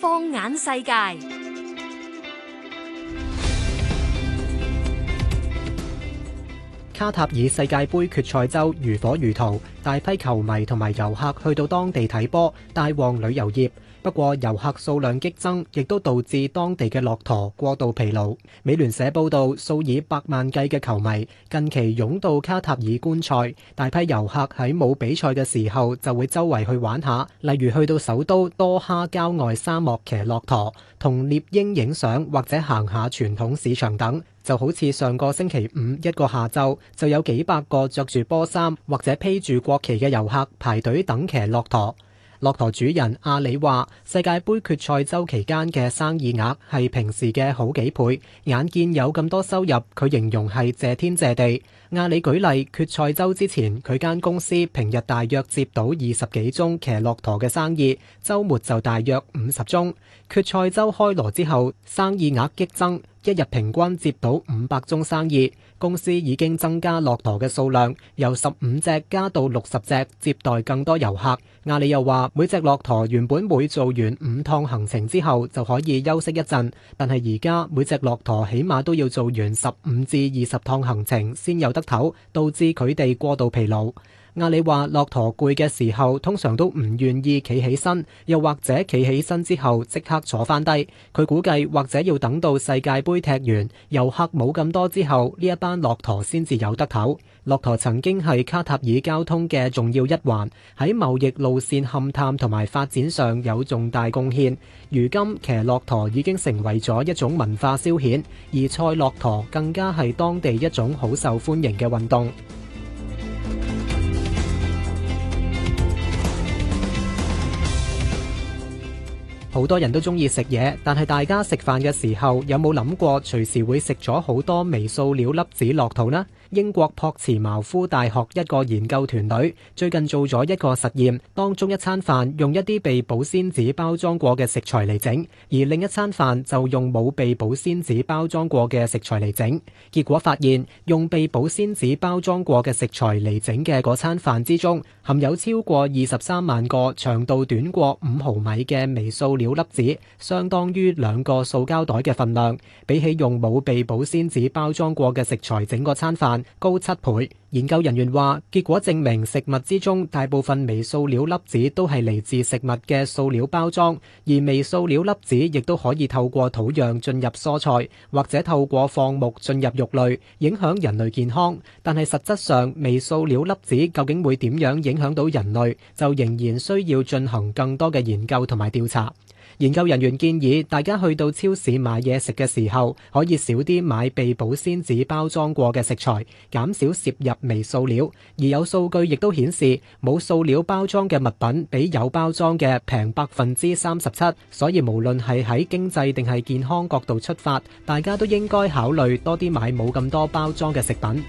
放眼世界，卡塔爾世界盃決賽周如火如荼，大批球迷同埋遊客去到當地睇波，帶旺旅遊業。不過，遊客數量激增，亦都導致當地嘅駱駝過度疲勞。美聯社報道，數以百萬計嘅球迷近期湧到卡塔爾觀賽，大批遊客喺冇比賽嘅時候就會周圍去玩下，例如去到首都多哈郊外沙漠騎駱駝、同獵鷹影相或者行下傳統市場等，就好似上個星期五一個下晝就有幾百個着住波衫或者披住國旗嘅遊客排隊等騎駱駝。駱駝主人阿里話：世界盃決賽周期間嘅生意額係平時嘅好幾倍。眼見有咁多收入，佢形容係謝天謝地。阿里舉例，決賽周之前佢間公司平日大約接到二十幾宗騎駱駝嘅生意，周末就大約五十宗。決賽周開鑼之後，生意額激增。一日平均接到五百宗生意，公司已經增加駱駝嘅數量，由十五隻加到六十隻，接待更多遊客。阿里又話，每隻駱駝原本每做完五趟行程之後就可以休息一陣，但係而家每隻駱駝起碼都要做完十五至二十趟行程先有得唞，導致佢哋過度疲勞。阿里話：駱駝攰嘅時候，通常都唔願意企起身，又或者企起身之後即刻坐翻低。佢估計或者要等到世界盃踢完，遊客冇咁多之後，呢一班駱駝先至有得唞。駱駝曾經係卡塔爾交通嘅重要一環，喺貿易路線勘探同埋發展上有重大貢獻。如今騎駱駝已經成為咗一種文化消遣，而賽駱駝更加係當地一種好受歡迎嘅運動。好多人都中意食嘢，但係大家食飯嘅時候，有冇諗過隨時會食咗好多微塑料粒子落肚呢？英國樸茨茅夫大學一個研究團隊最近做咗一個實驗，當中一餐飯用一啲被保鮮紙包裝過嘅食材嚟整，而另一餐飯就用冇被保鮮紙包裝過嘅食材嚟整。結果發現，用被保鮮紙包裝過嘅食材嚟整嘅嗰餐飯之中，含有超過二十三萬個長度短過五毫米嘅微塑料粒子，相當於兩個塑膠袋嘅份量。比起用冇被保鮮紙包裝過嘅食材整個餐飯，高七倍。研究人員話，結果證明食物之中大部分微塑料粒子都係嚟自食物嘅塑料包裝，而微塑料粒子亦都可以透過土壤進入蔬菜，或者透過放牧進入肉類，影響人類健康。但係實質上，微塑料粒子究竟會點樣影響到人類，就仍然需要進行更多嘅研究同埋調查。研究人員建議大家去到超市買嘢食嘅時候，可以少啲買被保鮮紙包裝過嘅食材，減少攝入微塑料。而有數據亦都顯示，冇塑料包裝嘅物品比有包裝嘅平百分之三十七。所以無論係喺經濟定係健康角度出發，大家都應該考慮多啲買冇咁多包裝嘅食品。